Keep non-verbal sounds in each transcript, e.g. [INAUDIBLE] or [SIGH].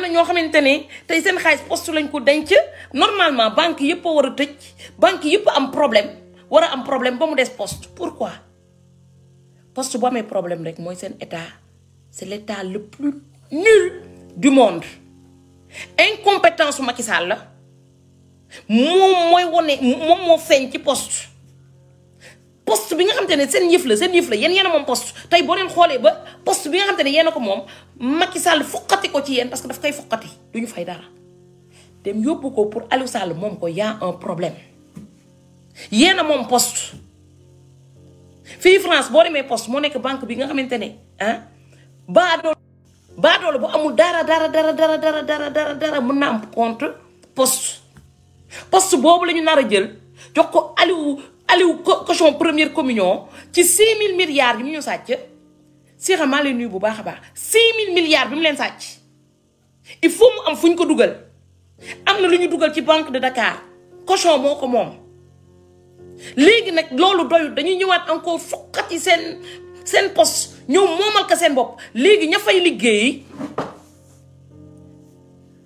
am na ñoo xamante ne seen xaliss poste lañ ko denc normalement banque yépp a war a tëj banque yépp am problème war a am problème ba mu des poste pourquoi poste bu amee problème rek mooy seen état c'est l'état le plus nul du monde incompétence su Macky Sall la moom mooy wone moom moo feeñ ci poste poste bi nga xam ne seen yëf la seen yëf la yéen yen a moom poste tey boo leen xoolee ba poste bi nga xamante ne yéen ko moom Macky Sall foqati ko ci yéen parce que daf koy foqati du ñu fay dara dem yóbbu ko pour Aliou Sall moom ko y a un problème yéen a moom post fii France boo demee poste moo nekk banque bi nga xamante ne ah baadoolo baadoolo bu amul dara dara dara dara dara dara dara dara mën na am compte post poste boobu lañu ñu nar a jël jox ko Aliou Aliou cochon première communion ci 6000 milliards yi mu ñu sàcc Cheikh maa lay nuyu bu baax baax 6000 milliards bi mu leen il faut mu am fu ñu ko dugal am na lu ci banque de Dakar cochon moo ko moom. léegi lolu loolu doyut dañuy ñëwaat encore fukkati sen sen poste ñëw momal ka sen bop léegi ña fay liggéey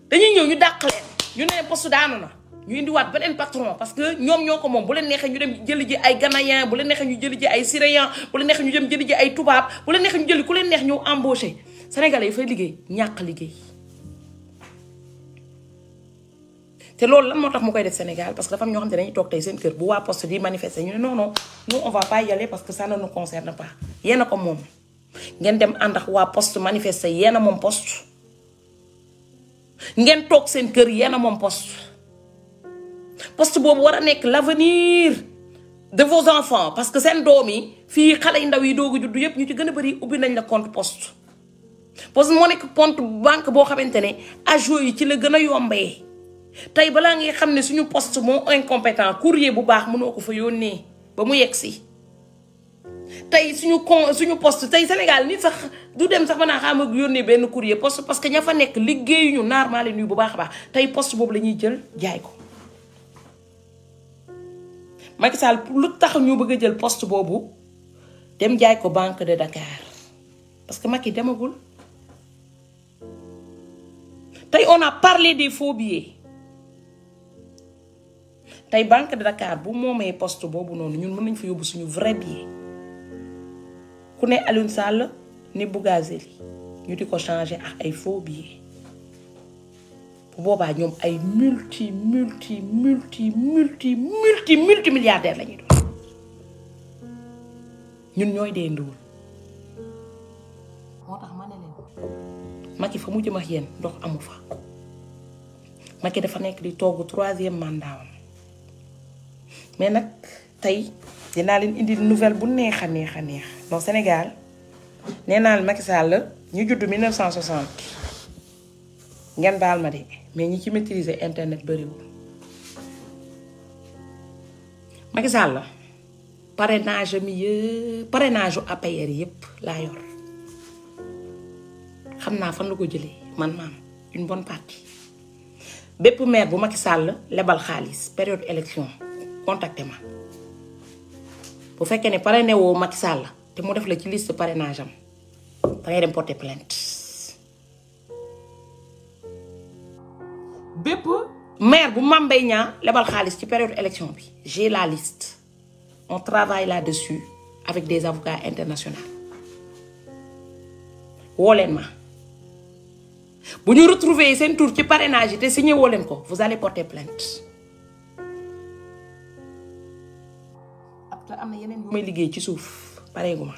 dañuy ñëw ñu dàq leen ñu ne poste daanu na ñu wat beneen patron parce que ñoom ñoo ko moom bu leen neexee ñu dem jël ji ay ghanéen bu leen neexee ñu jël ji ay syriens bu leen neexee ñu dem jël ji ay tubaab bu leen neexee ñu jël ku leen neex ñëw embauché sénégalais yi fay liggéey ñàkk liggéey. te loolu lan moo tax mu koy def Sénégal parce que dafa am ñoo xam ne dañuy toog tey seen kër bu waa poste di manifester ñu ne non non nous on va pas y aller parce que ça ne nous concerne pas yéen a ko moom ngeen dem ànd ak waa poste manifester yéen a moom poste ngeen toog seen kër yéen a moom poste poste bobu wara nek l'avenir de vos enfants parce que sen domi fi xalé ndaw yi dogu juddu yépp ñu ci gëna bari ubbi nañ la compte poste poste moo nekk compte banque bo xamantene ne agent yi ci le gëna yombé tay bala ngay xamné suñu poste mo incompétent courrier bu baax mënoo ko fa yónnee ba mu yexi tay suñu suñu poste tay Sénégal ni sax du dem sax mën naa xam ak yónnee benn courrier poste parce que ña fa liggéeyu ñu normal yu bu baax ba tay poste bobu lañuy jël jaay ko. Macky Sall lu tax ñu bëgg jël poste dem ko banque de Dakar parce que Macky demagul on a parlé des faux billets banque de Dakar bu moomee poste boobu noonu ñun mën nous fa yóbbu suñu vrai billet ku Alioune Sall ñu changer ay faux bu boobaa ñoom ay multi multi multi multi multi multi milliardaire la ñuy ñun ñooy dee ndóol moo tax ma ne leen Macky fa mu jëm ak yéen ndox amu fa Macky dafa nekk di togg troisième mandat am mais nag tey dinaa leen indi nouvelle bu neex a neex a neex donc Sénégal nee naa Macky Sall ñu judd 1960 ngeen baal ma de mais ñi ci maîtriser internet bëriwul Macky Sall parrainage mi yëpp parrainage u APR yëpp laa yor xam naa fan la ko jëlee man maam une bonne partie bépp maire bu Macky Sall lebal xaalis période élection contacté ma bu fekkee ne parrainé woo Macky Sall te mu def la ci liste parrainage am da ngay dem porter plainte bépp maire bu Mame Mbaye Niang lebal xaalis ci période élection bi j'ai la liste on travaille là-dessus avec des avocats internationaux wolen ma bu ñu retrouver sen tour ci parrainage té signé woo ko vous allez porter plainte après am na yeneen yu may liggéey ci souf pareegu ma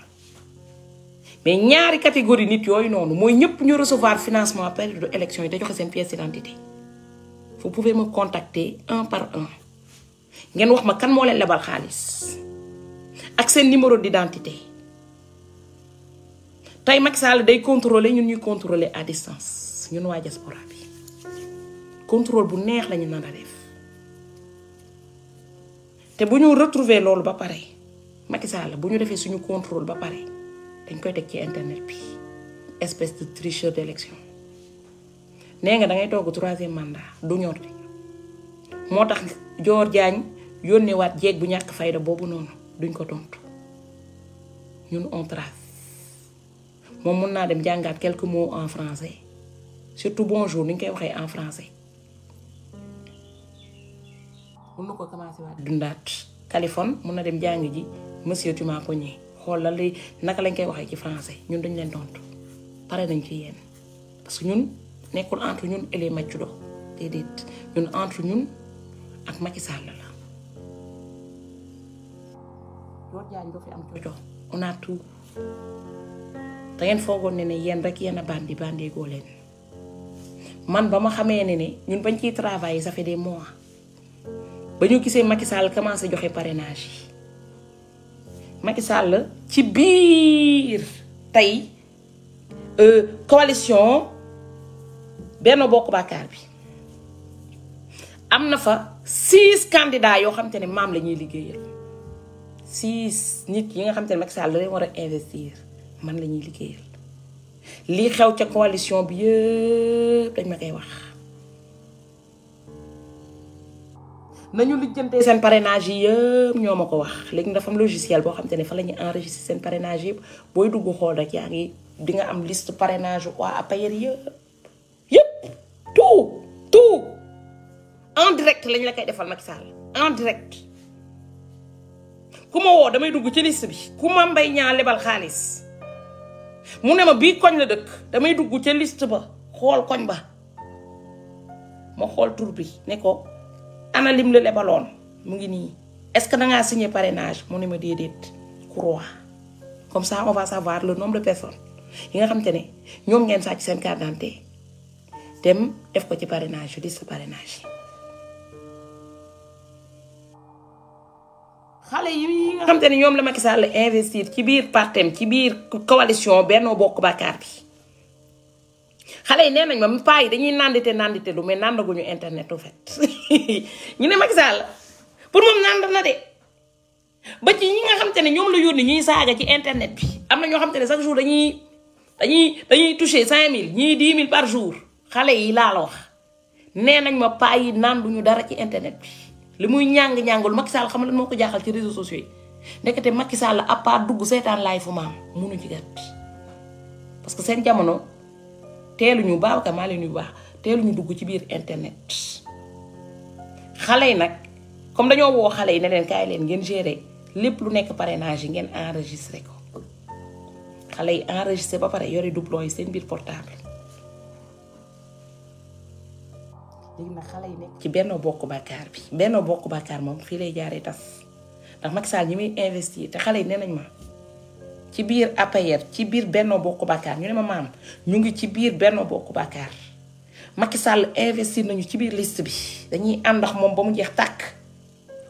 mais ñaari catégorie nit yooyu noonu mooy ñëpp ñu recevoir financement période d'élection yi te joxe seen pièce d'identité vous pouvez me contacter un par un Vous pouvez me kan Accès ak numéro d'identité à distance. day contrôler contrôler à distance ñun diaspora contrôle bu neex lañu Et def retrouver ba contrôle ba dañ koy espèce de tricheur d'élection nee nga dangay togg troisième mandat du ñor de moo tax Dior Diagne yónneewaat jeeg bu ñàkk fayda boobu noonu duñ ko tontu ñun on trace moom mun naa dem jàngaat quelques mots en français surtout bonjour ni ñu koy waxee en français. mun na ko commencé waat dundaat Californie mun na dem jàng ji monsieur tu m'as cogné xool la lay naka lañ koy waxee ci français ñun dañ leen tontu pare nañ ci yéen parce que ñun. nekkul entre ñun et les Maccudo déedéet ñun entre ñun ak Macky Sall la. Dior Diagne doo fi am jojo on a tout foogoon ne ne yéen rek yéen a bandi bandee leen man ba ma xamee ne ne ñun bañ ciy travailler ça fait des mois ba ñu gisee Macky Sall commencé joxe parrainage yi Macky Sall ci biir tey euh, coalition. benn bokk bàkkaar bi am na fa six candidats yoo xam te ne maam la ñuy liggéeyal six nit yi nga xam te ne Macky Sall la war a investir man la ñuy liggéeyal lii xew ca coalition bi yëpp dañ ma koy wax. nañu lijjantee seen parrainage yi yëpp ñoo ma ko wax léegi dafa am logiciel boo xam ne fa la ñuy enregistré seen parrainage yëpp booy dugg xool rek yaa ngi di nga am liste parrainage waa APR yëpp. tout tout en direct lañ la kay defal Macky en direct kuma wo damay dugg ci liste bi kuma mbay ñaa lebal xaalis mu ne ma bii koñ la dekk damay dugg ci liste ba xol koñ ba ma xol tur bi ne ko ana lim la lebaloon mu ngi est-ce que da ngaa signer parrainage mu ne ma déedéet croix comme ça on va savoir le nombre de personnes yi nga xam te ne ngeen sacc seen carte d'identité dem def ko ci parrainage liste parrainage yi. xale yi nga xam tane ñom la Macky Sall investir ci biir partem ci biir coalition Benno Bokk Yaakaar bi xale yi nee nañ ma paa yi dañuy nandité nandité lu mais nandagu ñu internet au fait [LAUGHS] ñu né Macky Sall pour mom nand na de ba ci ñi nga xam tane ñom la yónni ñuy saga ci internet bi amna na ñoo xam tane chaque jour dañuy dañuy dañuy toucher 5000 ñi 10000 par jour. xale yi laa la wax nee nañ ma paa yi naan duñu dara ci internet bi li muy ñàng-ñàngul Macky Sall xam lan moo ko jaaxal ci réseaux sociaux yi ndekete Macky Sall à part dugg seetaan laay fu maam mënuñ ci gàtt parce que seen jamono teeluñu baabaka maa leen yu baax teeluñu dugg ci biir internet xale yi nag comme dañoo woo xale yi ne leen kaay leen ngeen gérer lépp lu nekk parrainage yi ngeen enregistré ko xale yi enregistré ba pare yore doublon yi seen biir portable léegi nag xale yi nekk ci Benno Bokk Yaakaar bi Benno Bokk Yaakaar moom fii lay jaaree tas ndax Macky Sall ñi muy investir te xale yi nee nañ ma ci biir APR ci biir Benno Bokk Yaakaar ñu ne ma maam ñu ngi ci biir Benno Bokk Yaakaar Macky Sall investir nañu ci biir liste bi dañuy ànd ak moom ba jeex tàkk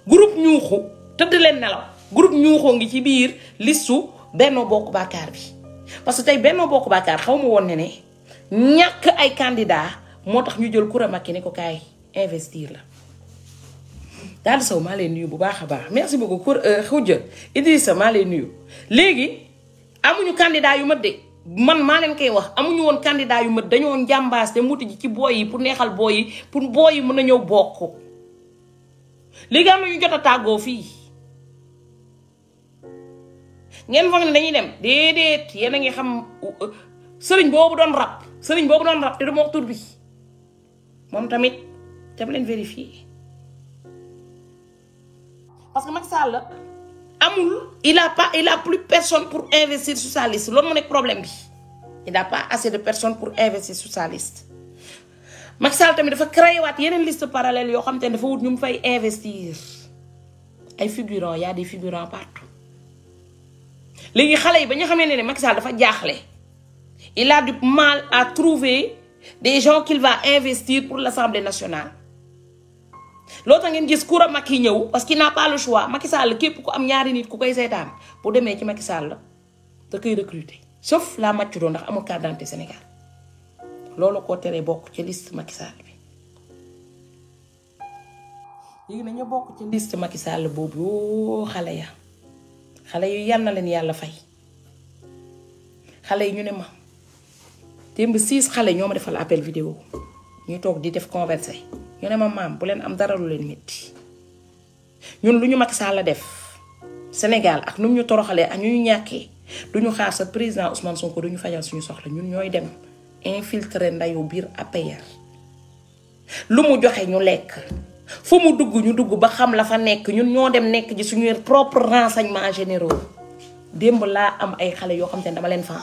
groupe ñuuxu tëdd leen nelaw groupe ñuuxoo ngi ci biir listu Benno Bokk Yaakaar bi parce que tey Benno Bokk Yaakaar xaw ma woon ne ne ñàkk ay candidat moo tax ñu jël Coura Macky ne ko kaay investir la daal Sow maa lay nuyu bu baax a baax merci beaucoup Coura euh, Khoudia Idrissa maa lay nuyu. léegi amuñu candidat yu mat de man maa leen koy wax amuñu woon candidat yu mat dañoo njàmbaas te muti ji ci booy yi pour neexal booy yi pour booy yi mën a ñëw bokk léegi am na ñu jot a tàggoo fii. ngeen foog ne dañuy dem déedéet yéen a ngi xam euh, sëriñ boobu doon rab sëriñ boobu doon rab te du wax tur bi. moom tamit dama leen vérifier parce que Macky Sall amul il a pas il a plus personne pour investir sur sa liste loolu mu nekk problème bi il n'a pas assez de personnes pour investir sur sa liste Macky Sall tamit dafa créé waat yeneen liste parallèle yoo xam te ne dafa wut ñu mu fay investir ay figurants y a des figurants partout léegi xale yi ba ñu xamee ne ne Macky Sall dafa jaaxle il a du mal à trouver des gens qu'il va investir pour l'Assemblée nationale L'autre tax ngeen gis Coura Macky ñëw parce qu'il n'a pas le choix Macky Sall képp ku am ñaari nit ku koy seetaan bu demee ci Macky Sall la da koy recruter sauf la màccu a ndax amul carte d'identité Sénégal loolu ko teree bokk ci liste Macky Sall bi léegi na ñu bokk ci liste Macky Sall boobu yoo xale ya xale yu yal na leen yàlla fay xale yi ñu ne démb six xale ñoo ma defal appel vidéo ñu toog di def conversé ñu ne ma maam bu leen am dara lu leen métti ñun lu ñu Macky Sall la def Sénégal ak nu ñu toroxalee ak ñu ñu ñàkkee du ñu xaar sa président Ousmane Sonko du ñu fajal suñu soxla ñun ñooy dem infiltrer ndayu biir APR lu mu joxe ñu lekk fu mu dugg ñu dugg ba xam la fa nekk ñun ñoo dem nekk ji suñuy propre renseignement généraux démb laa am ay xale yoo xam te ne dama leen faa.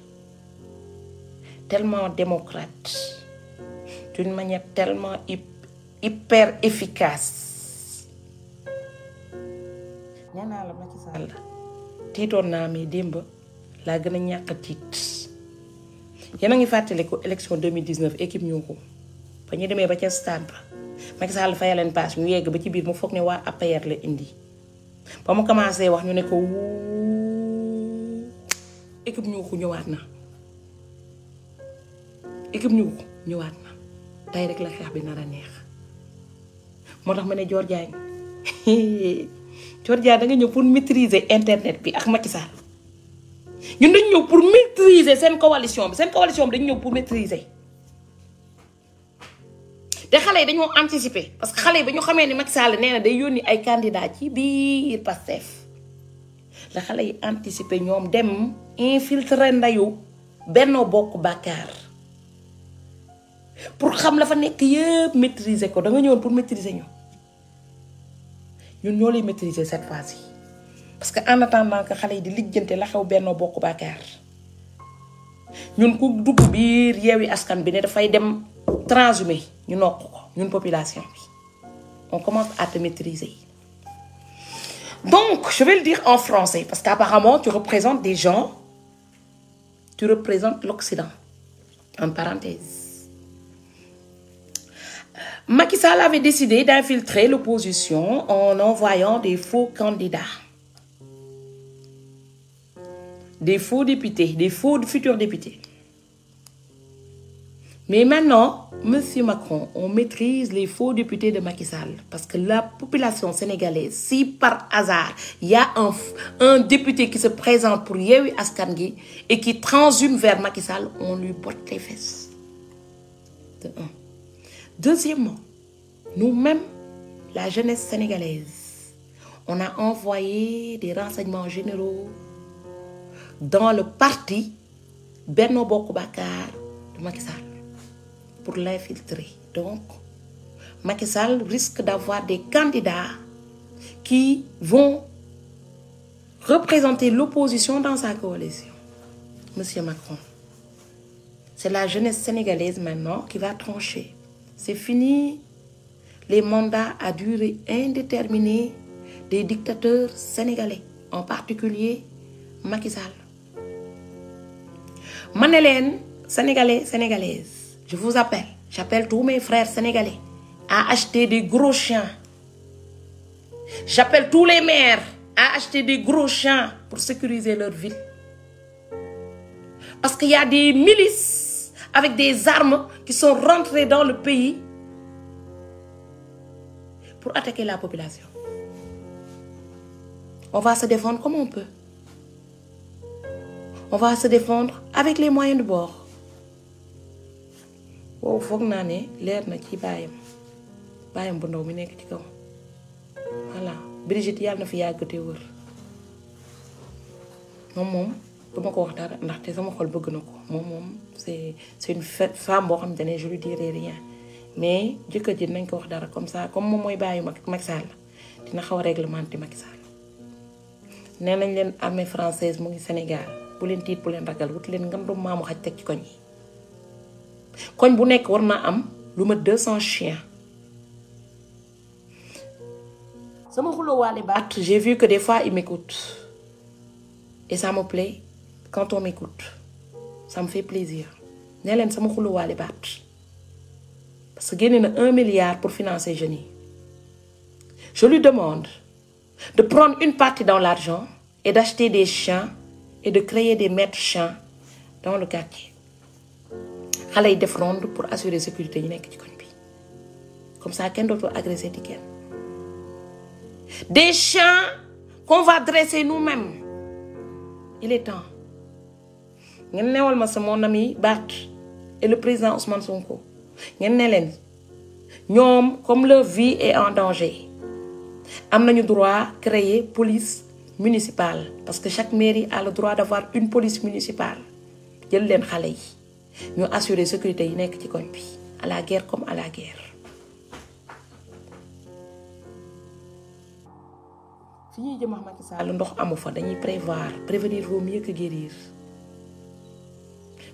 tellement démocrate, d'une manière tellement hyper efficace. ñaanaa la Macky Sall tiitoon naa mais démb laa gën a ñàkk tiit yéen élection 2019 équipe ñoo ko ba ñu demee ba ca stade ba Macky Sall fayal leen paas ñu yegg ba ci biir mu foog ne wa APR la indi ba mu commencé wax ñu ne ko équipe ñoo ko ñëwaat na. équipe ñëw ñëwaat na tey la xeex bi nar a neex moo tax ma ne Dior Diagne [LAUGHS] Dior Diagne da ñëw pour maîtriser internet bi ak Macky ñun dañu ñëw pour maîtriser seen coalition bi seen coalition bi dañu ñëw pour maîtriser te xale yi dañoo anticiper parce que xale yi ba ñu xamee ni Macky Sall nee na day yónni ay candidats ci biir Pastef la xale yi anticiper ñoom dem infiltrer ndayu Benno Bokk Bakaar pour xam la fa nek yeb maîtriser ko da nga ñëwoon pour maîtriser ñu ñun ñoo lay maîtriser cette phase ci parce que en attendant que xalé di lijjante la xew Benno Bokk Yaakaar ñun ku dugg biir Yewwi Askan bi ne fay dem transhumé ñu nokko ko ñun population bi on commence à te maîtriser donc je vais le dire en français parce qu'apparemment tu représentes des gens tu représentes l'Occident en parenthèse Macky Sall avait décidé d'infiltrer l'opposition en envoyant des faux candidats, des faux députés, des faux futurs députés. Mais maintenant, Monsieur Macron, on maîtrise les faux députés de Macky Sall parce que la population sénégalaise, si par hasard il y a un, député qui se présente pour Yewi Askangi et qui transhume vers Macky Sall, on lui porte les fesses. Deuxièmement, nous-mêmes, la jeunesse sénégalaise, on a envoyé des renseignements généraux dans le parti Benno de Macky Sall pour l'infiltrer. Donc, Macky Sall risque d'avoir des candidats qui vont représenter l'opposition dans sa coalition. Monsieur Macron, c'est la jeunesse sénégalaise maintenant qui va trancher. C'est fini. Les mandats à durée indéterminée des dictateurs sénégalais, en particulier Macky Sall. Manélène, sénégalais, sénégalaise, je vous appelle, j'appelle tous mes frères sénégalais à acheter des gros chiens. J'appelle tous les maires à acheter des gros chiens pour sécuriser leur ville. Parce qu'il y a des milices avec des armes qui sont rentrées dans le pays pour attaquer la population. On va se défendre comme on peut. On va se défendre avec les moyens de bord. wow faut que ne leer na ci baayam baayam bu ndaw mi nekk ci kaw voilà Brigitte yàlla na fi yàgg te wër moom moom du ma je wax dara ndaxte sama xol bëgg na c'est c'est une femme boo xamante ne je lui dirai rien mais jëkkër ji nañ ko wax dara comme ça comme moom mooy bàyyi Macky Sall dina xaw a réglementé Macky Sall nee nañ leen armée française mu Sénégal bu leen tiit bu leen ragal wut leen ngam doom maamu xaj teg ci koñ yi koñ bu nekk war naa am lu ma 200 chiens. sama xuloo waale baat j'ai vu que des fois il m'écoute et ça me plaît quand on m'écoute ça me fait plaisir ne leen sama le baat parce que génne un milliard pour financer jeunes je lui demande de prendre une partie dans l'argent et d'acheter des chiens et de créer des maîtres chiens dans le quartier Allez yi pour assurer sécurité comme ça quelqu'un d'autre agressé agresser. des chiens qu'on va dresser nous-mêmes il est temps ngeen newal ma sa mon ami et le président Ousmane Sonko ngeen ne leen ñoom comme leur vie est en danger am nañu droit créer police municipale parce que chaque mairie a le droit d'avoir une police municipale jël leen xale yi ñu assurer sécurité yi nekk ci bi à la guerre comme à la guerre. fi ñuy jëm Macky Sall ndox amu fa dañuy prévoir prévenir vaut mieux que guérir.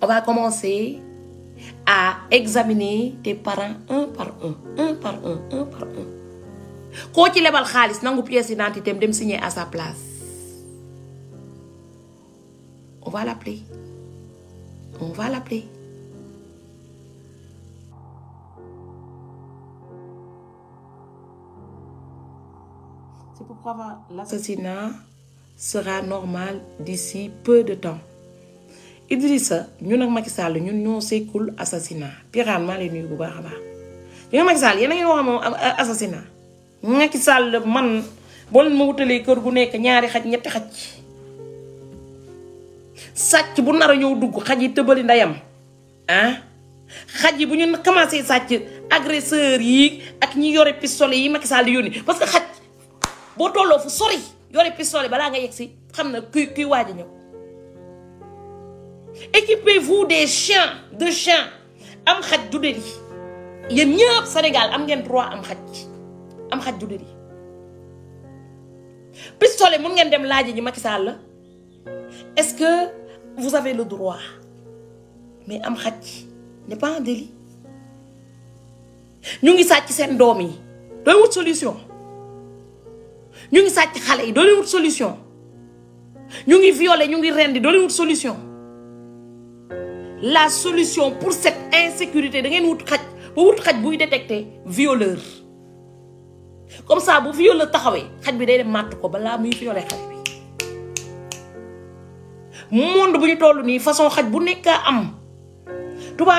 On va commencer à examiner tes parents un par un, un par un, un par un. koo ci lebal xaalis nangu pièce d'identité dem signer à sa place on va l'appeler on va l'appeler c'est pourquoi l'assassinat sera normal d'ici peu de temps Idrissa ñun ak Macky Sall ñun ñoo sekkul assassinat Pirane maa lay bu baax a baax ñun ak Macky Sall yéen a ngi wax moom assassinat Macky Sall man boo leen ma wutalee kër gu nekk ñaari xaj ñetti xaj sàcc bu nar a ñëw dugg xaj yi tëbali ndeyam ah xaj yi bu ñu commencé sàcc agresseur yi ak ñi yore pistolet yi Macky Sall di yónni parce que xaj boo tolloo fu sori yore pistolet balaa nga yegg si xam na kuy kuy waaj a ñëw. équipez-vous des chiens de chiens am xaj du dëri yéen Sénégal am ngeen droit am xaj am xaj du dëri pistolet ngeen dem laaj ji Macky est-ce que vous avez le droit mais am n'est pas un délit ñu ngi sàcc seen doom solution ñu ngi sàcc xale yi solution ñu ngi violé ñu ngi rendi solution la solution pour cette insécurité c'est de wut violeur comme ça bu violeur bi day dem le ko monde bu ñu façon faire bu am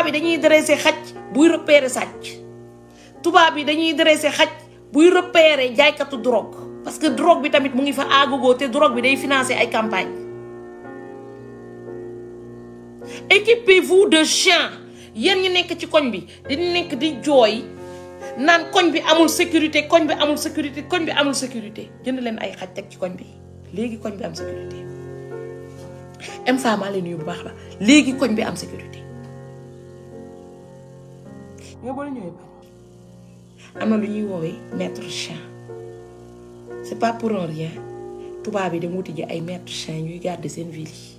bi dañuy dresser repérer vous bi dañuy dresser repérer drogue parce que drogue bi tamit agogo drogue bi day campagne équipez-vous de chiens. y'en ñi nek ci koñ bi di nek di joy. Nan koñ bi amul sécurité koñ bi amul sécurité koñ bi amul sécurité jënd leen ay ci koñ bi léegi koñ bi am sécurité ça leen baax la léegi koñ bi am sécurité. Vous la ba chien c'est pas pour rien tubaab bi de wuti ji ay maître chien ñuy garder seen ville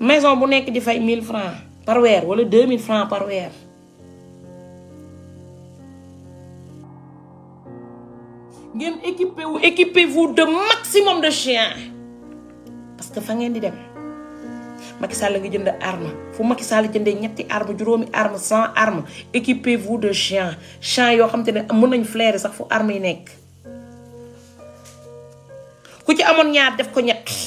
maison bu nek 1000 francs par ou wala 2000 francs par équipez vous de maximum de chiens parce que fa ngeen di dem Macky Sall nga jënd arme fu Macky Sall vous ñetti arme arme équipez vous de chiens chiens yo xam sax fu arme ku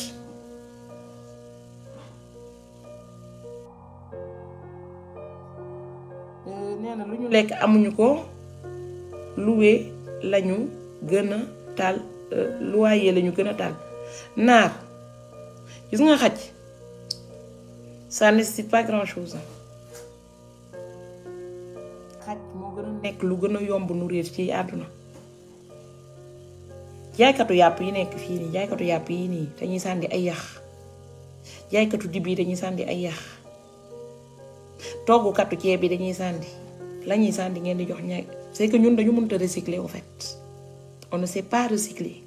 lekk amuñu ko luwe lañu gën a taal waaye euh, lañu gën a taal naar gis nga xaj ça nécessite pas grand chose xaj moo gën a nekk lu gën a yomb nu réer ci àdduna jaaykatu yàpp yi nekk fii nii jaaykatu yàpp yi nii dañuy sàndi ay yax jaaykatu dib yi dañuy sàndi ay yax toggukatu ceeb yi dañuy sàndi la ñuy sànni ngeen di jox ña c'est que ñun dañu mënut a recycler en fait on ne sait pas recycler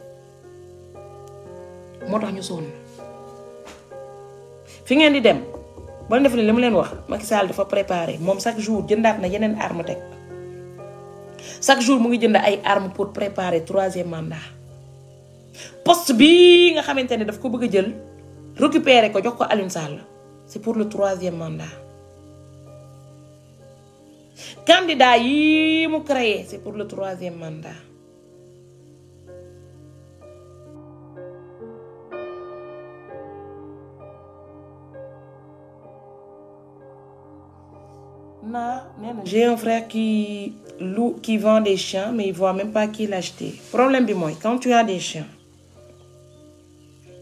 moo tax ñu sonn fi ngeen di dem ba def li mu leen wax Macky Sall dafa préparé moom chaque jour jëndaat na yeneen arme teg chaque jour mu ngi jënd ay arme pour préparer troisième mandat poste bi nga xamante ne daf ko bëgg a jël récupérer ko jox ko Alioune Sall c'est pour le troisième mandat candidat il m'a créé c'est pour le troisième mandat J'ai un frère qui qui vend des chiens, mais il ne voit même pas qui l'acheter. Problème du moi, quand tu as des chiens,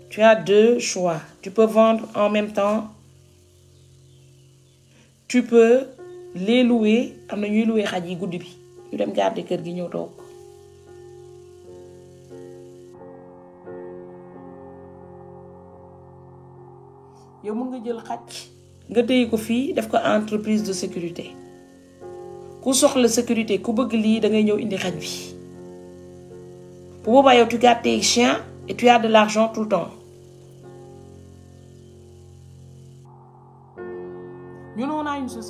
tu as deux choix. Tu peux vendre en même temps. Tu peux les louer, am ñuy loué xaj yi bi ñu dem garder kër gi ñëw toog yow nga jël xaj nga téye ko entreprise de sécurité ku soxla sécurité ku bëgg lii da ngay ñëw indi xaj bi tu gardes tes chiens et tu as de l'argent tout le temps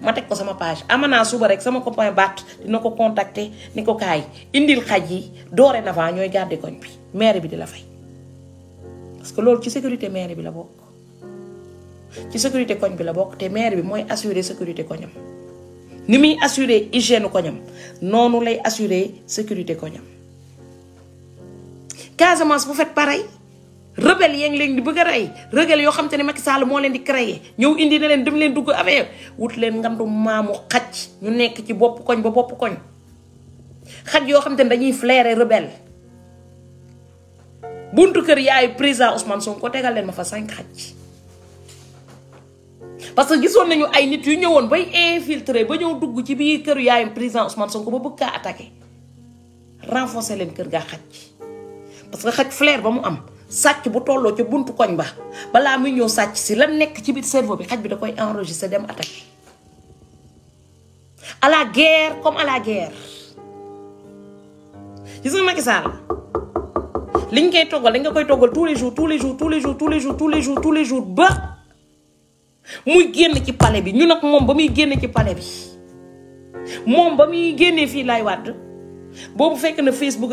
ma teg ko sama page amana suba rek sama copain train dina ko contacter niko kay indil xaj yi dorénavant ñoy garder koñ bi maire bi de la fay. parce que la ci sécurité maire bi la bok ci sécurité koñ bi la la te maire bi moy assurer sécurité koñam ni mi assurer hygiène koñam nous lay assurer sécurité koñam Casamance vous faites pareil. rebelle yeen ngi leen bëgg a rey rebelle yoo xam te ne Macky Sall moo leen di créer ñëw indi na leen dem leen dugg avec wut leen ngandu maamu xaj ñu nekk ci bopp koñ ba bopp koñ xaj yoo xam te ne dañuy flairer rebelle buntu kër yaayu président Ousmane Sonko tegal leen ma fa cinq xaj parce que gisoon nañu ay nit yu ñëwoon bay infiltrer ba ñëw dugg ci biir këru yaayam président Ousmane Sonko ba bëgg kaa attaqué leen kër gaa xaj parce xaj flair ba mu am. sacc bu ci buntu koñ ba bala muy sacc ci la nek ci biir cerveau enregistré à la guerre comme à la guerre gis nga Macky Sall koy togal dañ koy tous les jours tous les jours tous les jours tous les jours tous les jours tous les jours ba muy génn ci palais bi ñu mom ba ci palais bi fekk na Facebook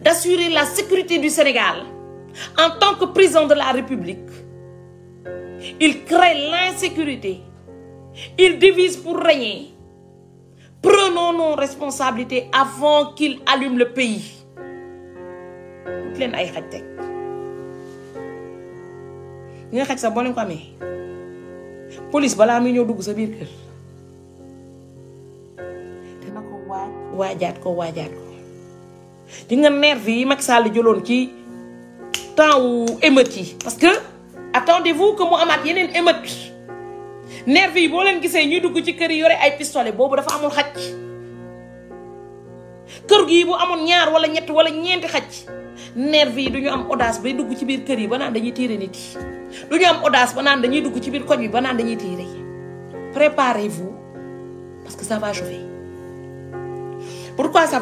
d'assurer la sécurité du Sénégal en tant que président de la République. Il crée l'insécurité. Il divise pour régner. Prenons nos responsabilités avant qu'il allume le pays. police di nga nervi yi Macky Sall jëloon ci temps wu émeute yi parce que attendez-vous ko mu amaat yeneen émeute nerve yi boo leen gisee ñuy dugg ci kër yi yore ay pistole boobu dafa amoon xaj kër gi bu amoon ñaar wala ñett wala ñeenti xaj nervi yi du ñu am audace bay dugg ci biir kër yi ba naan dañuy tiire nit yi du ñu am audace ba naan dañuy dugg ci biir koñ bi ba naan dañuy tiire yi préparez-vous parce que ça va chauffer pourquoi ça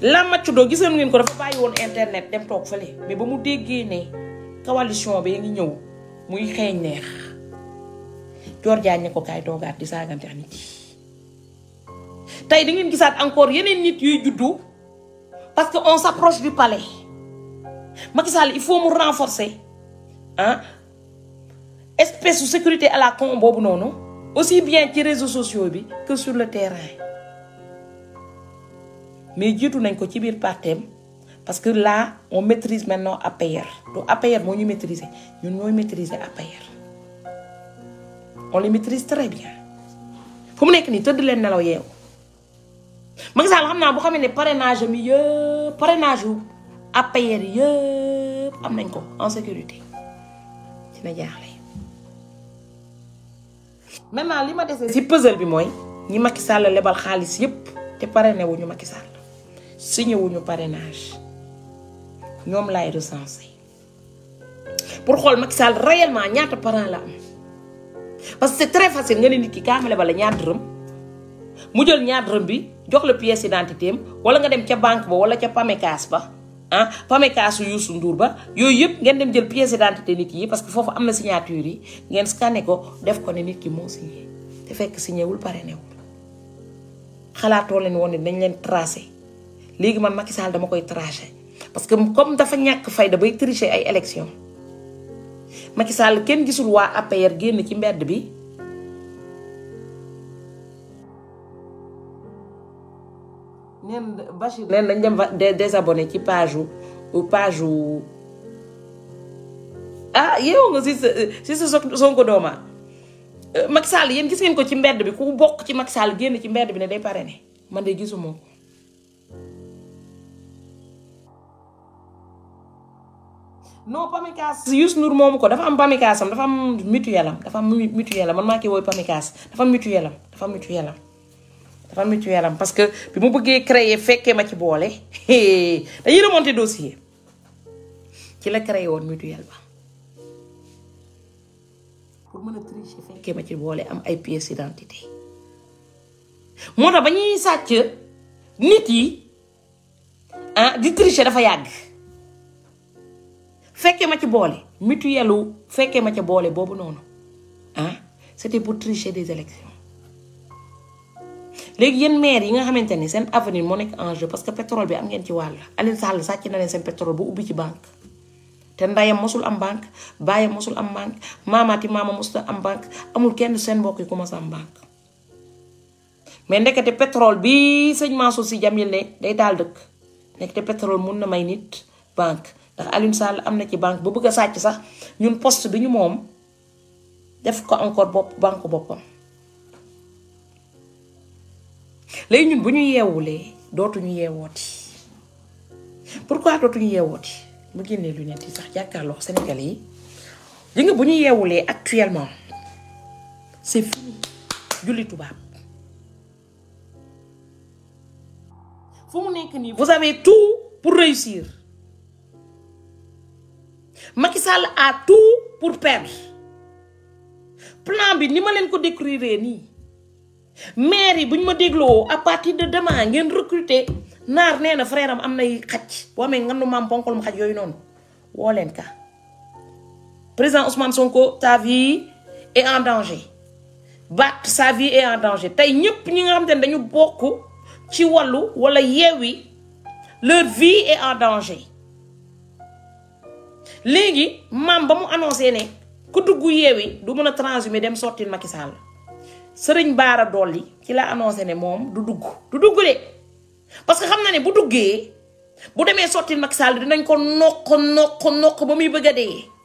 la macc doo gisoon ngeen ko dafa bàyyi woon internet dem toog fële mais ba mu déggee ne coalition bi ngi ñëw muy xeeñ neex Dior Diagne ne ko kaay toogaat di saagante nit yi tey di ngeen gisaat encore yeneen nit yuy juddu parce que on s'approche du palais Macky Sall il faut mu renforcer ah espèce de sécurité à la con boobu noonu aussi bien ci réseau sociaux bi que sur le terrain mais jitu nañ ko ci biir partem parce que là on maîtrise maintenant APR donc APR mo ñu maîtriser ñun ñoy maîtriser APR on les maîtrise très bien fu mu nekk nii tëdd leen nelaw yeewu Macky Sall xam naa bu xamee ne parrainage mi yëpp parrainage yu APR yëpp am nañ ko en sécurité dina jaaxle maintenant li ma desee si puzzle bi mooy ñi Macky Sall lebal xaalis yëpp te parrainé wu ñu Macky Sall signé wuñu parrainage ñoom laay recensé pour xool Macky Sall réellement ñaata parrain la am parce que c'est très facile nga ne nit ki kaamale bala ñaat dërëm mu jël ñaar dërëm bi jox la pièce d'identité am wala nga dem ca banque ba wala ca PAMECAS ba ah PAMECAS yu Youssou Ndour ba yooyu yëpp ngeen dem jël pièce d'identité nit yi parce que foofu am na signature yi ngeen scanné ko def ko ne nit ki moo signé te fekk signé wul parrainé xalaatoo leen woon ne dañ leen tracé. léegi man Macky Sall dama koy traché parce que comme dafa ñàkk fayda bay tricher ay élection Macky kenn gisul waa APR génn ci mbedd bi neen Bachir neen dañ dem désabonné ci page u page u ah yeewoo nga si sa sa Sonko dooma euh, Macky Sall yéen gis ko ci mbedd bi ku bokk ci Macky génn ci mbedd bi ne day pare ne man de gisuma non Pamecas Youssou Ndour moomu ko dafa am Pamecasam dafa am mutuelam dafa am mutuelam man maa koy woy Pamecas dafa am mutuelam dafa am mutuelam dafa am parce que bi mu bëggee créer fekkee ma ci boole [LAUGHS] dañuy remonter dossier ci la créé woon mutuel ba pour mën a tricher fekkee ma ci boole am ay pièces d'identité moo tax ba ñuy sàcc nit yi ah di tricher dafa yàgg. fekkee ma ci boole mutuelu fekkee ma ca boole boobu noonu ah c'était pour tricher des élections léegi yéen maire yi nga xamante ni seen avenir moo nekk en jeu parce que pétrole bi am ngeen ci wàll Alioune Sall sàcc na leen seen pétrole ba ubbi ci banque te ndayam mosul am banque baayam mosul am banque maamaati maama mosul am banque amul kenn seen mbokk yi commencé am banque mais ndekete pétrole bi sëñ Mansour si Jamil ne day taal dëkk ndekete pétrole mun na may nit banque ndax Alioune Sall am na ci banque ba bëgg a sàcc sax ñun poste bi ñu moom def ko encore bopp banque boppam léegi ñun bu ñu yeewulee dootuñu yeewooti pourquoi dootuñu yeewooti mu génnee lu nett yi sax jàkkaarloo Sénégal yi li nga bu ñu yeewulee actuellement c'est fini julli tubaab fu mu nekk nii vous avez tout pour réussir Macky a tout pour perdre plan B, ni ko décrire à partir de demain ngeen recruter nar frère am président Ousmane Sonko ta vie est en danger Bat, sa vie est en danger tay ñepp ñi nga xam dañu bokku leur vie est en danger léegi mam ba mu annoncé ne ku dugg yeewi du mën a transhumer dem sottil Macky Sall sëriñ Baara Dolli ci la annoncer né mom du dugg du dugg de parce que xamna né ne bu duggee bu demee sottil Macky Sall dinañ ko noq noq noq ba muy bëgg dé